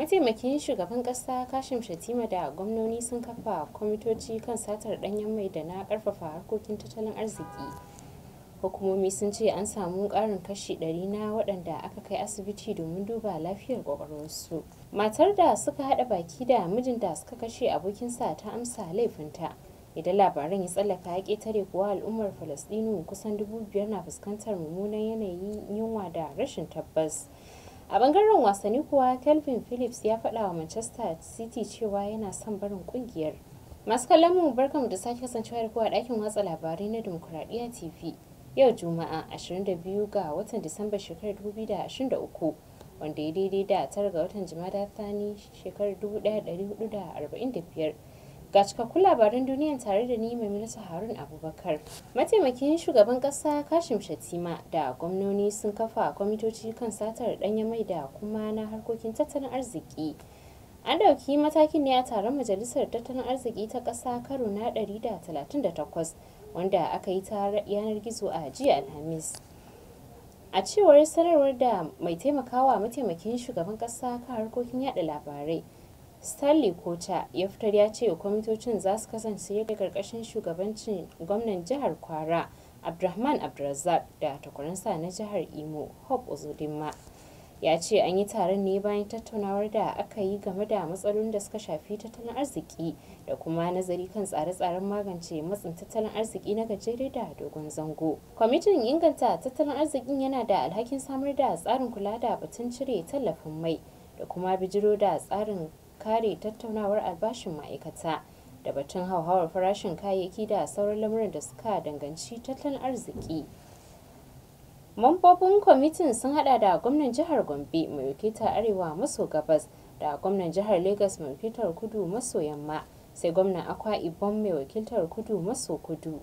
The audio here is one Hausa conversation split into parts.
mataimakin shugaban kasa kashim shatima da gwamnoni sun kafa kwamitoci kan satar danyen mai da na karfafa harkokin tattalin arziki hukumomi sun ce an samu karin kashi 100 na waɗanda aka kai asibiti domin duba lafiyar kwakwalwarsu matar da suka haɗa baki da mijin da suka kashe abokinsa ta amsa laifinta idan labaran ya tsallaka ya ketare kuwa al'ummar falastinu kusan dubu biyar na fuskantar mummunan yanayin yunwa da rashin tabbas a bangaren wasanni kuwa kelvin phillips ya faɗa wa manchester city cewa yana son barin kungiyar masu kallon mu barkamu da sake kasancewa da kuwa ɗakin watsa labarai na demokuraɗiyya tv yau juma'a 22 ga watan disamba shekarar 2023 wanda ya daidai da 9 ga watan jima'a thani shekarar 1445 Ga cikakkun labarin duniya tare da ni Maimunatu Harun Abubakar. Mataimakin shugaban kasa Kashim Shatima da gwamnoni sun kafa kwamitoci kan satar ɗanyen mai da kuma na harkokin tattalin arziki. An ɗauki matakin ne a taron Majalisar Tattalin Arziki ta kasa karo na 138 wanda aka yi ta yanar gizo a jiya Alhamis. A cewar sanarwar da mai taimakawa mataimakin shugaban kasa kan harkokin yada labarai. stanley kota ya fitar ya ce kwamitocin za su kasance da karkashin shugabancin gwamnan jihar kwara abdulrahman abdulrazak da takwaransa na jihar imo hope uzodinma ya ce an yi taron ne bayan tattaunawar da aka yi game da matsalolin da suka shafi tattalin arziki da kuma nazari kan tsare-tsaren magance matsin tattalin arziki na gajere da dogon zango kwamitin inganta tattalin arzikin yana da alhakin samar da tsarin kula da batun cire tallafin mai da kuma bijiro da tsarin kare tattaunawar albashin ma'aikata da batun hauhawar farashin kayayyaki da sauran lamuran da suka danganci tattalin arziki. Mambobin kwamitin sun hada da gwamnan jihar Gombe mai wakiltar Arewa maso gabas da gwamnan jihar Lagos mai wakiltar kudu maso yamma sai gwamnan Akwa Ibom mai wakiltar kudu maso kudu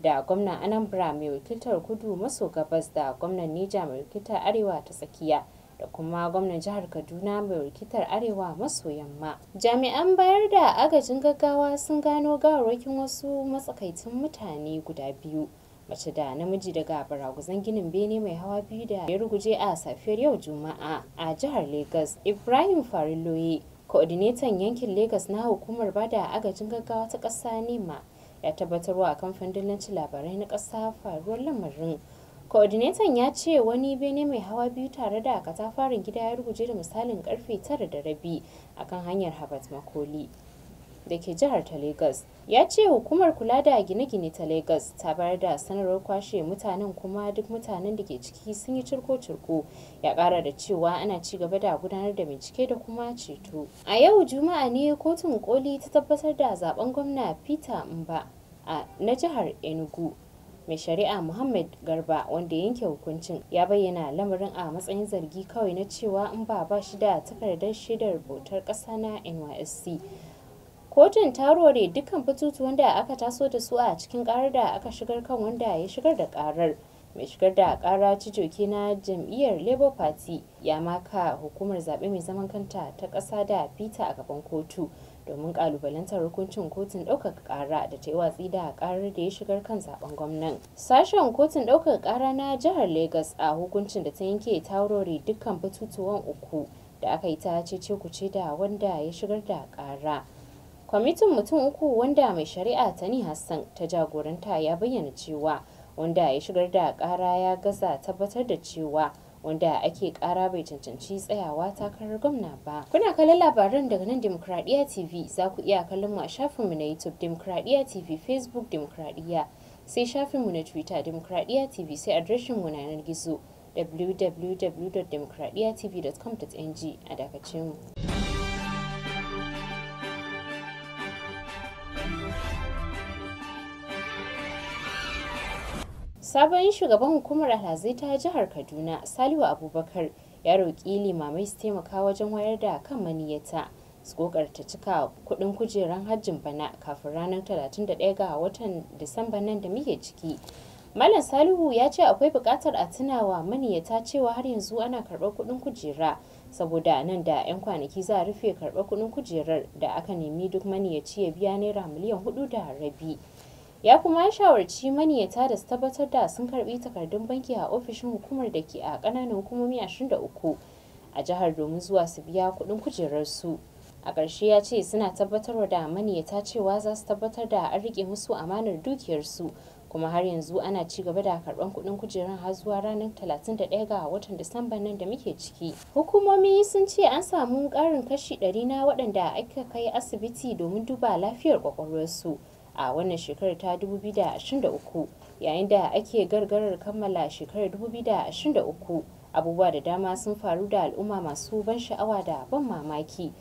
da gwamnan Anambra mai wakiltar kudu maso gabas da gwamnan nija mai wakiltar Arewa ta tsakiya. da kuma gwamnan jihar Kaduna mai rikitar Arewa maso yamma. Jami'an bayar da agajin gaggawa sun gano gawarwakin wasu matsakaitun mutane guda biyu. mace da namiji daga baraguzan ginin bene mai hawa biyu da ya ruguje a safiyar yau juma'a a jihar lagos ibrahim fariloye coordinator yankin lagos na hukumar bada agajin gaggawa ta ƙasa nema ya tabbatarwa a kamfanin dillancin labarai na ƙasa faruwar lamarin coordinator ya ce wani bene mai hawa biyu tare da katafarin gida ya ruguje da misalin karfe tara da rabi akan hanyar harvard makoli da ke jihar ta lagos ya ce hukumar kula da gine-gine ta lagos ta bayar da sanarwar kwashe mutanen kuma duk mutanen da ke ciki sun yi cirko-cirko ya kara da cewa ana ci gaba da gudanar da bincike da kuma ceto a yau juma'a ne kotun koli ta tabbatar da zaben gwamna peter mba a na jihar enugu mai shari'a muhammad garba wanda ya yanke hukuncin ya bayyana lamarin a matsayin zargi kawai na cewa in ba ba shi da takardar shaidar bautar ƙasa na nysc kotun ta rore dukkan batutuwan da aka taso da su a cikin karar da aka shigar kan wanda ya shigar da ƙarar, mai shigar da kara cijoke na jam'iyyar labour party ya maka hukumar zaɓe mai zaman kanta ta ƙasa da fita a gaban kotu domin kalubalantar hukuncin kotun ɗaukaka kara da ta yi watsi da karar da ya shigar kan zaben gwamnan. Sashen kotun ɗaukaka kara na jihar Legas a hukuncin da ta yanke taurori dukkan batutuwan uku da aka yi ta cece kuce da wanda ya shigar da kara Kwamitin mutum uku wanda mai shari'a Tani Hassan ta jagoranta ya bayyana cewa wanda ya shigar da ƙara ya gaza tabbatar da cewa wanda ake kara bai cancanci tsayawa takarar gwamna ba. Kuna kallon labaran daga nan Demokradiyya TV za ku iya kallon mu a shafinmu na YouTube Demokradiyya TV Facebook Demokradiyya sai shafin mu na Twitter Demokradiyya TV sai mu na yanar gizo www.demokradiyyatv.com.ng a dakace mu. Sabon shugaban hukumar alhazai ta jihar Kaduna, Salihu Abubakar, ya roƙi limamai su taimaka wajen wayar da kan maniyata. Su ƙoƙarta cika kuɗin kujeran hajjin bana kafin ranar 31 ga watan Disamba nan da muke ciki. Malam Salihu ya ce akwai buƙatar a tunawa maniyata cewa har yanzu ana karɓar kuɗin kujera saboda nan da 'yan kwanaki za a rufe karɓar kuɗin kujerar da aka nemi duk maniyaci ya biya naira miliyan hudu da rabi. ya kuma shawarci maniyata da su tabbatar da sun karbi takardun banki a ofishin hukumar da ke a kananan hukumomi 23 a jihar domin zuwa su biya kudin kujerarsu a ƙarshe ya ce suna wa da maniyata cewa za su tabbatar da an rike musu amanar dukiyarsu kuma har yanzu ana ci gaba da karban kuɗin kujerar har zuwa ranar 31 ga watan Disamba nan da muke ciki. Hukumomi sun ce an samu karin kashi 100 na waɗanda aka kai asibiti domin duba lafiyar kwakwalwarsu. a wannan shekarar ta 2023 yayin da ake gargarar kammala shekarar 2023 abubuwa da dama sun faru da al'umma masu ban sha'awa da ban mamaki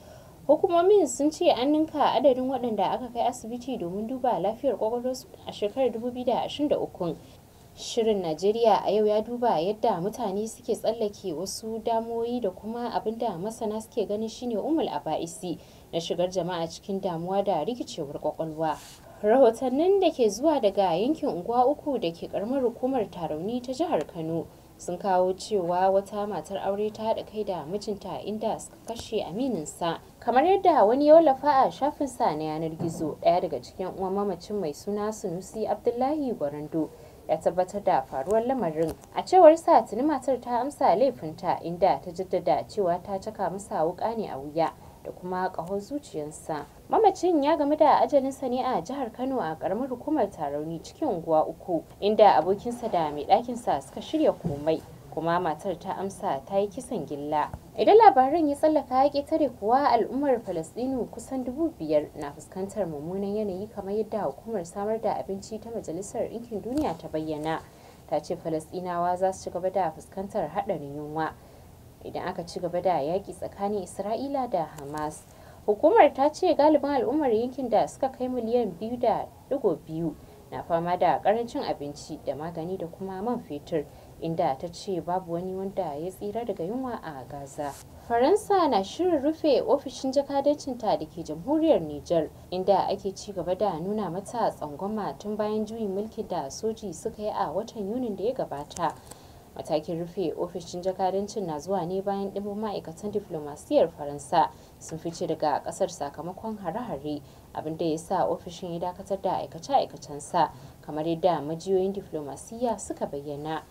hukumomin sun ce an ninka adadin waɗanda aka kai asibiti domin duba lafiyar kwakwalwarsu a shekarar 2023 shirin najeriya a yau ya duba yadda mutane suke tsallake wasu damoyi da kuma abinda masana suke ganin shine umul aba'isi na shigar jama'a cikin damuwa da rikicewar kwakwalwa rahotannin da ke zuwa daga yankin unguwa uku da ke karamar hukumar tarauni ta jihar kano sun kawo cewa wata matar aure ta haɗa kai da mijinta inda suka kashe sa kamar yadda wani ya wallafa a sa na yanar gizo ɗaya daga cikin uwan mamacin mai suna sunusi abdullahi gwarando ya tabbatar da faruwar lamarin a cewar sa tuni matar ta amsa laifinta inda ta jaddada cewa ta caka masa wuƙa ne a wuya da kuma ƙahon zuciyarsa. Mamacin ya gamu da ajalinsa ne a jihar Kano a ƙaramar hukumar Tarauni cikin unguwa uku inda abokinsa da mai sa suka shirya komai. kuma matar ta amsa ta yi kisan gilla. Idan labarin ya tsallaka ya ƙetare kuwa al'ummar Falasɗinu kusan dubu biyar na fuskantar mummunan yanayi kamar yadda hukumar samar da abinci ta Majalisar Ɗinkin Duniya ta bayyana. Ta ce Falasɗinawa za su ci gaba da fuskantar haɗarin yunwa idan aka ci gaba da yaƙi tsakanin isra'ila da hamas hukumar ta ce galibin al'ummar yankin da suka kai miliyan biyu da digo biyu na fama da karancin abinci da magani da kuma man fetur inda ta ce babu wani wanda ya tsira daga yunwa a gaza faransa na shirin rufe ofishin ta da ke jamhuriyar niger inda ake ci gaba da nuna mata tsangwama tun bayan juyin mulki da soji suka yi a watan yunin da ya gabata matakin rufe ofishin jakadancin na zuwa ne bayan ɗimbin ma'aikatan diflomasiyyar faransa sun fice daga ƙasar sakamakon hare-hare abinda ya sa ofishin ya dakatar da aikace-aikacensa kamar yadda majiyoyin diflomasiyya suka bayyana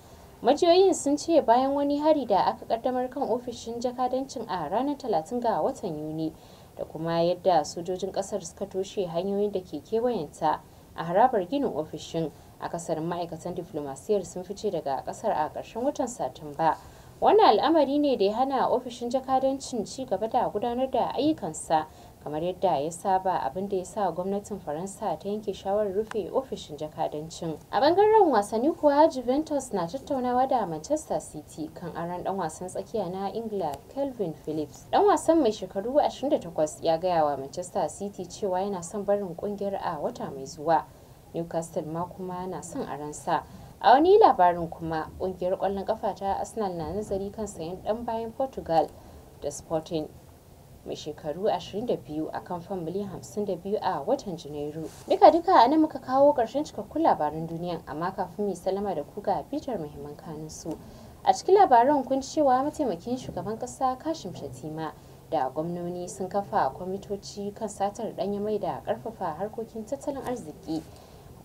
majiyoyin sun ce bayan wani hari da aka kaddamar kan ofishin jakadancin a ranar 30 ga watan yuni da kuma yadda sojojin kasar suka toshe hanyoyin da ke kewayenta a harabar ginin ofishin a kasar ma'aikatan diflomasiyar sun fice daga kasar a ƙarshen watan satumba wannan al'amari ne da ya hana ofishin jakadancin ci gaba da gudanar da ayyukansa kamar yadda ya saba abin da ya sa gwamnatin faransa ta yanke shawarar rufe ofishin jakadancin a bangaren wasanni kuwa juventus na tattaunawa da manchester city kan aron dan wasan tsakiya na ingila kelvin phillips dan wasan mai shekaru 28 ya gaya wa manchester city cewa yana son barin kungiyar a wata mai zuwa newcastle ma kuma na son a ransa a wani labarin kuma ƙungiyar kwallon ƙafa ta arsenal na nazari kan sayan ɗan bayan portugal da sporting mai shekaru 22 a kan fam miliyan 52 a watan janairu duka duka a muka kawo karshen cikakkun labaran duniya amma kafin mai salama da kuga bitar muhimman kanin su a cikin labaran kun cewa mataimakin shugaban ƙasa kashim shatima da gwamnoni sun kafa kwamitoci kan satar danya mai da karfafa harkokin tattalin arziki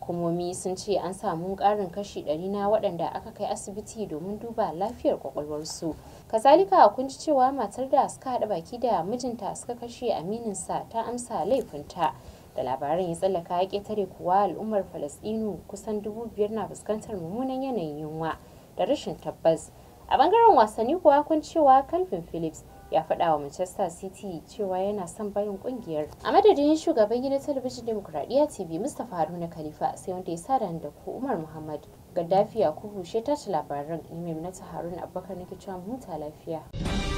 hukumomi sun ce an samu karin kashi 100 na waɗanda aka kai asibiti domin duba lafiyar su kazalika kun ci cewa matar da suka haɗa baki da mijinta suka kashe aminin sa ta amsa laifinta da labaran ya tsallaka ya tare kuwa al'ummar falasɗinu kusan dubu biyar na fuskantar mummunan yanayin yunwa da rashin tabbas a bangaren wasanni kuwa kun cewa calvin phillips ya faɗa wa Manchester City cewa yana son barin kungiyar. A madadin shugaban gidan talabijin Demokradiyya TV Mustapha Haruna Khalifa sai wanda ya sa da ku Umar Muhammad. Gaddafi Yakubu shi tashi labaran Imam na Haruna Abubakar nake cewa ta lafiya.